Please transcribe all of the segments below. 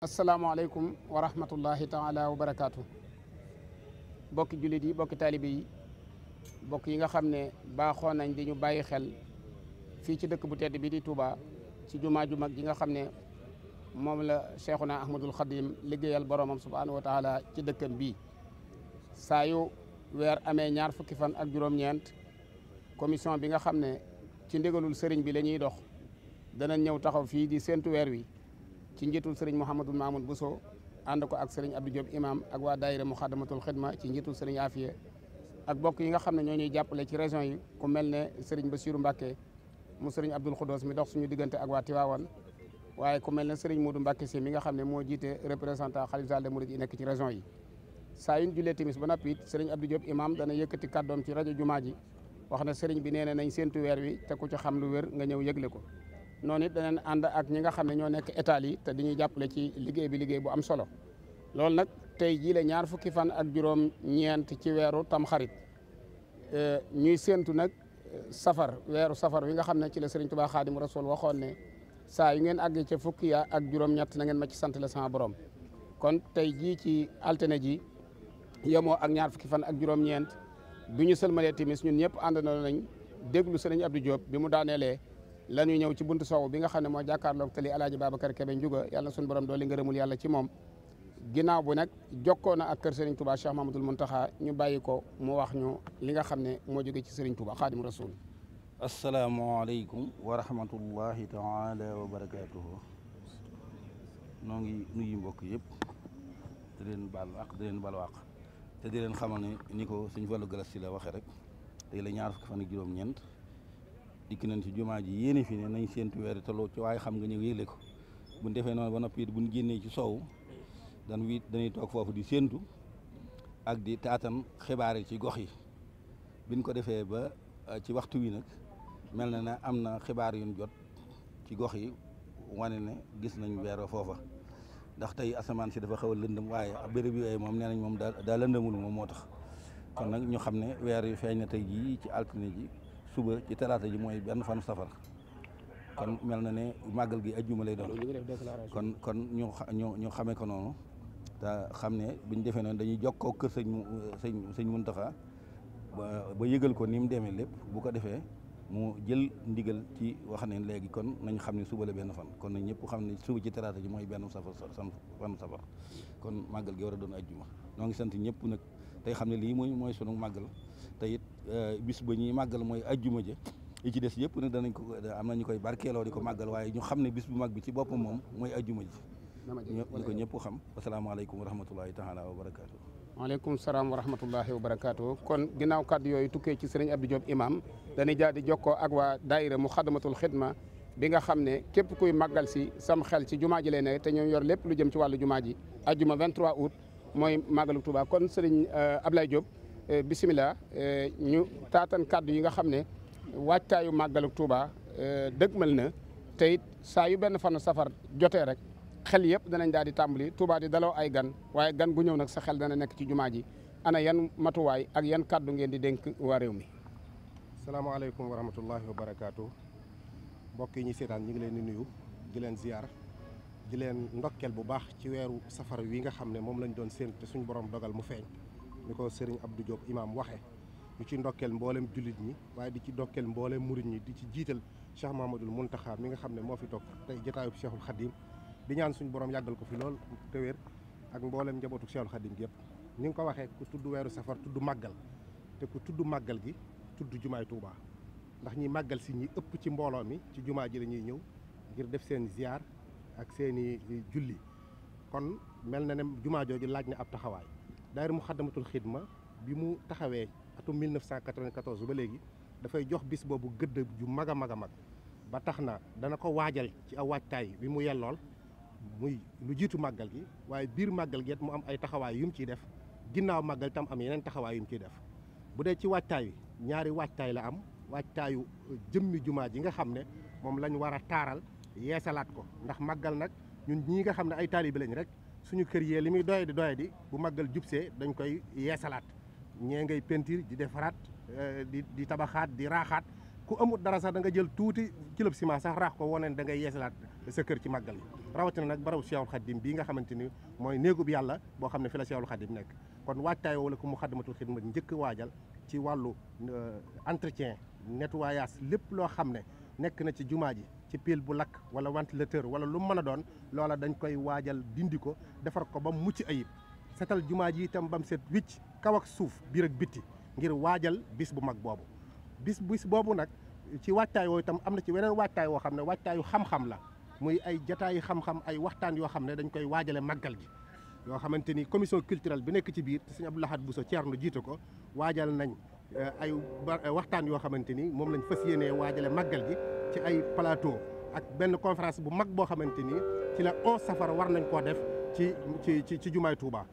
asalaamaaleykum wa rahmatullahi taala wa barakaatu bokki jullit yi bokki taalibe yi bokk yi nga xam ne baaxoo nañ di ñu bàyyi xel fii ci dëkk bu tedd bi di Touba ci jumaa ju mag ji nga xam ne moom la Cheikhuna Ahmadul Xadim liggéeyal boromam subhaanahu wa ci dëkkam bi saa yu weer amee ñaar fukki fan ak juróom-ñeent commission bi nga xam ne ci ndigalul sëriñ bi lañuy dox dana ñëw taxaw fii di séentu weer wi ci njiitul sëriñ Mouhamadou Mamoun Bousso ànd ko ak sëriñ Abdou Diop imam ak waa daayira Muxaddamatul Xidma ci njiitul sëriñ Afia ak bokk yi nga xam ne ñoo ñuy jàppale ci région yi ku mel ne sëriñ Bassirou Mbacké mu sëriñ Abdoul Khoudoss mi dox suñu diggante ak waa Tivaouane waaye ku mel ne sëriñ Modou Mbacké si mi nga xam ne moo jiite représentant xalif général des mourides yi nekk ci région yi saa yuñ jullee timis ba noppi it sëriñ Abdou Diop imam dana yëkkati kàddoom ci rajo jumaa ji wax na sëriñ bi nee na nañ séentu weer wi te ku ci xam lu wér nga ñëw yëgle ko noonu it danañ ànd ak ñi nga xam ne ñoo nekk état yi te diñuy jàppale ci liggéey bi liggéey bu am solo loolu nag tey jii la ñaar fukki fan ak juróom ñeent ci weeru tamxarit euh, ñuy séentu nag euh, safar weeru safar wi nga xam ne ci la Sëriñ Tuubaa Xaadimu sol waxoon ne saa yu ngeen àggee ca fukki yaa ak juróom-ñett na ngeen ma ci sant la sama borom kon tey jii ci altine ji yemoo ak ñaar fukki fan ak juróom-ñeent bi ñu sëlmalee timis ñun ñëpp ànd na nañ déglu Sëriñ Abdou Diop bi mu daaneelee la ñu ñëw ci bunt soow bi nga xam ne moo jàkkaarloog tali alaaji Babacar Kebe Njuga yàlla suñu borom doole ngërëmul yàlla ci moom ginnaaw bu nag jokkoo na ak kër Serigne Touba Cheikh Mahamadoul Mountakha ñu bàyyi ko mu wax ñu li nga xam ne moo jóge ci Serigne Touba Xaadimu Rasuul asalaamaaleykum wa rahmatullahi taala wa barakaatuhu noo ngi nuyu mbokk yépp te di leen baal waq di leen baal te di leen xamal ne ni ko suñ Fallou Galassi la waxee rek tey la ñaar fukki fan ak dikk nañ ci jumaa ji yéene fi ne nañ séentu weer te loo ci waaye xam nga ñëw yëgle ko buñ defee noonu ba noppi it buñ génnee ci soow dan dañuy toog foofu di séentu ak di taatan xibaar yi ci gox yi biñ ko defee ba eh, ci waxtu wi nag mel na ne am na xibaar yuñ jot ci gox yi wane ne gis nañ weer foofa ndax tey asamaan si dafa xaw a lëndëm waaye béréb bi waaye moom ne nañ moom daa daa lëndëmul moom moo tax kon nag ñu xam ne weer yu feeñ na tey jii ci altine ji suba ci talaata ji mooy benn fan safar kon mel na ne màggal gi ajjuma lay doon kon kon ñu ñu ñu xamee ko noonu te xam ne bu ñu defee noonu dañuy jokkoo kër sëñ sëñ sëñ Muntaxa ba yëgal ko ni mu demee lépp bu ko defee mu jël ndigal ci wax ne léegi kon nañ xam ne suba la benn fan kon nañ ñëpp xam ne suba ci talaata ji mooy benn safar fan safar kon màggal gi war a doon ajjuma noo ngi sant nag tey xam ne lii mooy mooy sunu màggal te it euh, bis ba ñuy màggal mooy ajjuma ja yi ci des yëpp nag danañ ko am na ñu koy barkeeloo di ko màggal waaye ñu xam ne bis bu mag bi ci boppam moom mooy ajjuma ji ñu ko ñëpp xam asalaamaaleykum wa rahmatullahi taala wa barakaatu waaleykum salaam wa rahmatullahi wa barakaatu kon ginnaaw kadd yooyu tukkee ci sëriñ Abdou Diop imam dañuy jaar di jokkoo ak waa daayira mu xadamatul xidma bi nga xam ne képp kuy maggal si sam xel ci jumaa ji lay ne te ñoom yor lépp lu jëm ci wàllu jumaa ji ajjuma 23 août mooy màggalu Touba kon sëriñ euh, Ablaye Diop euh, bisimilah euh, ñu taatan kàddu yi nga xam ne waajtaayu màggalu Touba dëgmal na tey saa yu benn fanu safar jotee rek xel yëpp danañ daal di tàmbali Touba di daloo ay gan waaye gan gu ñëw nag sa xel dana nekk ci jumaa ji ana yan matuwaay ak yan kàddu ngeen di denk waa réew mi. salaamaaleykum wa rahmatullahi wa barakaatu mbokk yi ñu seetaan ñu ngi leen di nuyu di leen ziar. di leen ndokkeel bu baax ci weeru safar wi nga xam ne moom lañ doon séen te suñu borom dogal mu feeñ ni ko sëriñ Abdou Diop imaam waxe ñu ci ndokkeel mboolem jullit ñi waaye di ci ndokkeel mboolem murit ñi di ci jiital Cheikh Mahamadul Muntaxa mi nga xam ne moo fi toog tey jataayub Cheikhul Khadim di ñaan suñu borom yàggal ko fi lool te wér ak mboolem njabootu Cheikhul Khadim gi yëpp ni nga ko waxee ku tudd weeru safar tudd màggal te ku tudd màggal gi tudd jumaay Touba ndax ñi màggal si ñi ëpp ci mbooloo mi ci jumaa ji la ñuy ñëw ngir def seen ziar ak seen i julli kon mel na ne jumaa jooju laaj na ab taxawaay mu Muxaddamatul Xidma bi mu taxawee atum 1994 ba léegi dafay jox bis boobu gëdd ju mag a mag a mag ba tax na dana ko waajal ci aw waajtaay bi mu yellool muy lu jiitu màggal gi waaye biir màggal gi mu am ay taxawaay yu mu ciy def ginnaaw màggal tam am yeneen taxawaay yu mu ciy def bu dee ci waajtaay wi ñaari waajtaay la am waajtaayu jëmmi jumaa ji nga xam ne moom lañu war a taaral yeesalaat ko ndax màggal nag ñun ñii nga xam ne ay taalibe lañ rek suñu kër yee li muy doye di doye di bu màggal jubsee dañ koy yeesalaat ñee ngay peinture di defaraat euh, di di tabaxaat di raaxaat ku amut dara sax da nga jël tuuti kilo ciment sax raax ko woneen da ngay yeesalaat sa kër ci màggal rawatina nag barabu Cheikhul Khadim bii nga xamante ni mooy néegub yàlla boo xam ne fi la Cheikhul Khadim nekk kon waajtaay wala ku Muxaddamatul Xidma njëkk waajal ci wàllu euh, entretien nettoyage lépp loo xam ne nekk na ci jumaa ji ci pile bu lakk wala ventilateur wala lum mën a doon loola dañ koy waajal dindi ko defar ko ba mucc ayib setal jumaa ji itam ba mu set wicc kaw suuf biir ak bitti ngir waajal bis bu mag boobu bis bis boobu nag ci waajtaay woo itam am na ci weneen waajtaay woo xam ne waajtaayu xam-xam la muy ay jataayu xam-xam ay waxtaan yoo xam ne dañ koy waajale màggal gi yoo xamante ni commission culturelle bi nekk ci biir te sëñ Abdou Lahad Bousso Thierno jiite ko waajal nañ eh, ay waxtaan yoo xamante ni moom lañ fas yéenee waajale màggal gi ci ay palaato ak benn conférence bu mag boo xamante ni ci la 11 safar war nañ koo def ci ci ci ci jumaay Touba.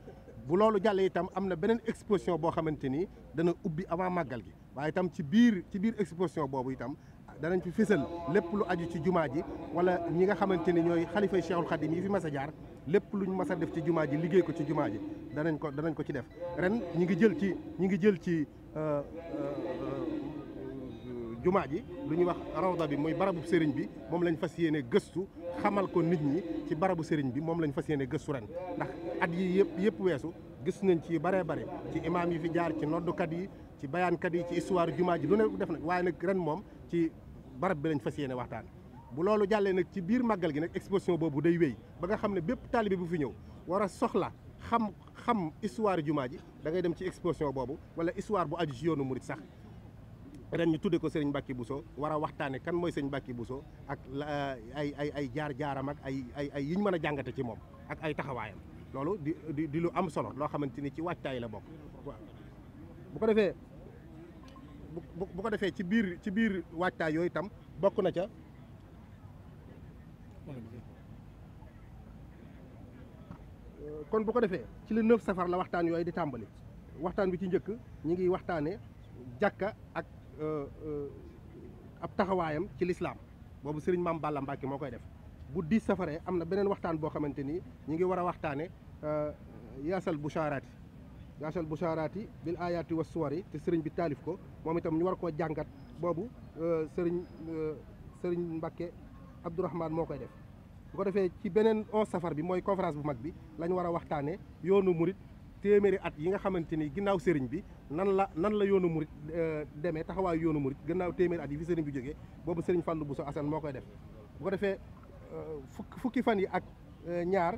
bu loolu jàllee itam am na beneen exposition boo xamante ni dana ubbi avant màggal gi waaye itam ci biir ci biir exposition boobu itam danañ fi fësal lépp lu aju ci jumaa ji wala ñi nga xamante ni ñooy xalifay Cheikhul Khadim yi fi mas a jaar lépp luñ mas a def ci jumaa ji liggéey ko ci jumaa ji danañ ko danañ ko ci def ren ñi ngi jël ci ñi ngi jël ci euh, euh, jumaa ji lu ñuy wax rawda bi mooy barabu sëriñ bi moom lañ fas yéene gëstu xamal ko nit ñi ci barabu sëriñ bi moom lañ fas yéene gëstu ren ndax at yi yëpp weesu gis nañ ci bare bare ci imaam yi fi jaar ci noddukat yi ci bayaankat yi ci histoire jumaa ji lu ne def nag waaye nag ren moom ci barab bi lañ fas yéene waxtaan bu loolu jàllee nag ci biir màggal gi nag exposition boobu day wey ba nga xam ne bépp taalibe bu fi ñëw war a soxla xam xam histoire jumaa ji da ngay dem ci exposition boobu wala histoire bu aju ci yoonu sax ren ñu tudde ko Serigne bu so war a waxtaane kan mooy Serigne bu so ak eh, ay ay ay jaar-jaaram ak ay ay ay mën a jàngate ci moom ak ay taxawaayam loolu di di lu am solo loo xamante ni ci waajtaay la bokk bu ko defee bu ko defee ci biir ci biir waajtaay yooyu itam bokk na ca kon bu ko defee ci le neuf safar la waxtaan yooyu di tàmbali waxtaan bi ci njëkk ñi ngi waxtaane jàkka ak Euh, euh, ab taxawaayam ci lislaam boobu sëriñ maam Balla Mbacke moo koy def bu di safaree am na beneen waxtaan boo xamante ni ñu ngi war a waxtaane euh, yaasal busharaati yaasal busharaati bil ayaati wa suwari te sëriñ bi taalif ko moom itam ñu war koo jàngat boobu sëriñ sëriñ Mbacke Abdourahman moo koy def bu defee ci beneen onze safar bi mooy conférence bu mag bi lañ war a waxtaane yoonu murit téeméeri at yi nga xamante ni ginnaaw sëriñ bi nan la nan la yoonu murit euh, demee taxawaay yoonu murit ginnaaw téeméeri at yi fi sëriñ bi jógee boobu sëriñ bu Bousso Assane moo koy def bu ko defee euh, fukki fukki fan yi ak euh, ñaar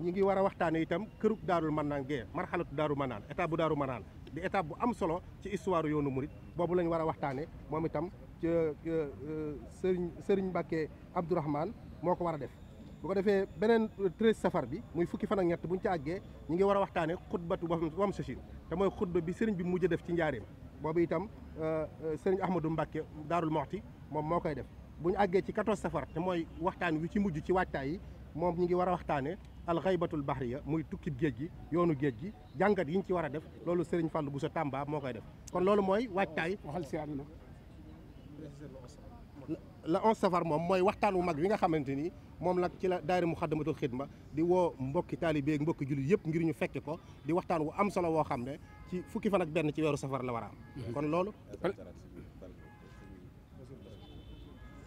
ñi ngi war a waxtaane itam kërug daarul mannaan gee marxalatu daaru mannaan étape bu daaru mannaan di étape bu am solo ci histoire yoonu murit boobu lañ war a waxtaane moom itam sëriñ sëriñ Mbàkke Abdourahmane moo ko war a def bu ko defee beneen treize safar bi muy fukki fan ak bu ñu ci àggee ñu ngi war a waxtaane xutbatu wam sachin te mooy xutba bi sëriñ bi mujj def ci njaareem boobu itam euh, euh, sëriñ Ahmadou Mbacke Daarul Moxti moom moo koy def bu ñu àggee ci 14 safar te mooy waxtaan wi ci mujj ci waajtaay yi moom ñu ngi war a waxtaane alxaybatul bahriya muy tukkit géej gi yoonu géej gi jàngat yi ñu ci war a def loolu sëriñ bu Bousso Tamba moo koy def kon loolu mooy waajtaay waxal si Amina la 11 safar moom mooy waxtaan wu mag wi nga xamante ni moom nag ci la daayira Muxaddamatul Xidma di woo mbokki taalibe ak mbokki jullit yëpp ngir ñu fekke ko di waxtaan wu am solo woo xam ne ci fukki fan ak benn ci weeru safar la war a am kon loolu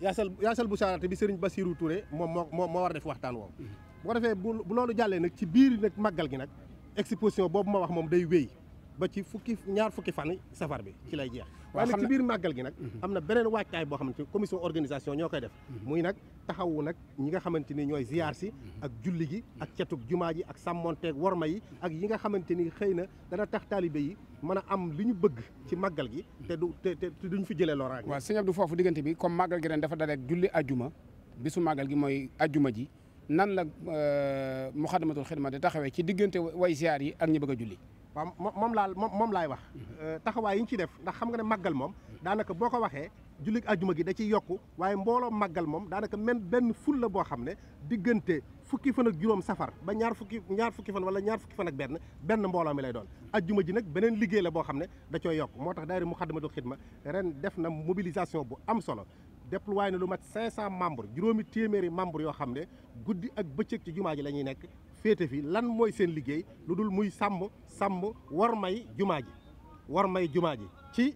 yaasal bu saarate bi Serigne Bassirou Touré moom moo moo war def waxtaan woowu bu defee bu loolu jàllee nag ci biir nag màggal gi nag exposition boobu ma wax moom day wéy ba ci fukki ñaar fukki fan safar bi ci lay jeex waa nag ci biir màggal gi nag mhm. am na beneen waajtaay boo xamante commission organisation ñoo koy def mhm. muy nag taxawu nag ñi nga xamante ni ñooy ziyaar si mhm. ak julli gi ak cetug jumaa ji ak sàmmonteeg worma yi ak yi nga xamante ni xëy na dana tax taalibe yi mën a am li ñu bëgg ci màggal gi te du te duñ fi jëlee loraange waaw sëñ Abdou foofu diggante bi comme màggal gi ren defa daleeg julli ajuma bisu màggal gi mooy ajuma ji nan la euh, muxadamatul ma di taxawee ci diggante way ziyaar yi ak ñu bëgga julli waaw moom laal moom laay wax euh, taxawaay yi ñu ci def ndax xam nga ne màggal moom daanaka boo ko waxee jullit ajuma gi da ciy yokk waaye mbooloo màggal moom daanaka men benn ful la boo xam ne diggante fukki fan ak juróom safar ba ñaar fukki ñaar fukki fan wala ñaar fukki fan ak benn benn mbooloo mi lay doon ajjuma ji nag beneen liggéey la boo xam ne da cooy yokk moo tax daayira Muxaddamatul Xidma ren def na mobilisation bu am solo déployé na lu mat 500 membres juróomi téeméeri membres yoo xam ne guddi ak bëccëg jumaa ji la ñuy nekk féete fi lan mooy seen liggéey lu dul muy sàmm sàmm war may jumaa ji war may jumaa ji ci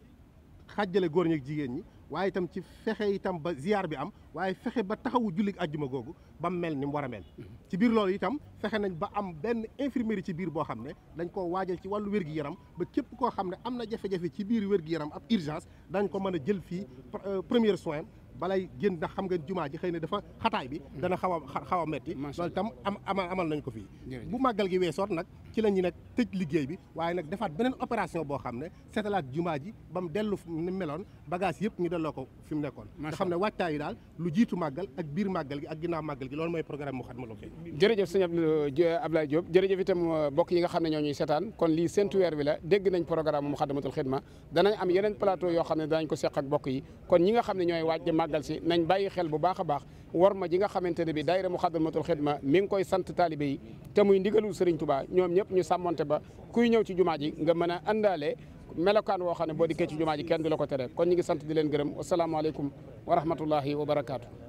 xajjale góor ñi jigéen ñi waaye itam ci fexe itam ba ziar bi am waaye fexe ba taxawu julli ajjuma googu ba mel ni mu war a mel ci biir loolu itam fexe nañ ba am benn infirmerie ci biir boo xam ne dañ koo waajal ci wàllu wér-gi-yaram ba képp koo xam ne am na jafe-jafe ci biir wér-gi-yaram ab urgence dañ ko mën a jël fii euh, première soin balay génn ndax xam nga jumaa ji xëy na dafa xataay bi dana xaw a a metti loolu tam am amal amal nañ ko fii bu màggal gi weesoot nag ci la ñu tëj liggéey bi waaye nag defaat beneen opération boo xam ne seetalaat jumaa ji ba mu dellu ni meloon bagage yëpp ñu delloo ko fi mu nekkoon nga xam ne wàccaay yi daal lu jiitu màggal ak biir màggal gi ak ginnaaw màggal gi loolu mooy programme mu xatma euh, yi nga xam ne ñoo ñuy seetaan kon lii seentu weer bi la dégg nañ programme mu xidma danañ am yeneen plateau yoo xam ne danañ ko seq ak bokk yi kon ñi nga xam ne ñooy wàaj màggal si nañ bàyyi xel bu baax a baax war ma ji nga xamante ne bi daayira Muxaddamatul Xidma mi ngi koy sant taalibe yi te muy ndigalul Serigne Touba ñoom ñëpp ñu sàmmonte ba kuy ñëw ci jumaa ji nga mën a àndaale melokaan woo xam ne boo dikkee ci jumaa ji kenn du la ko tere kon ñu ngi sant di leen gërëm wasalaamaaleykum wa rahmatullahi wa barakaatu.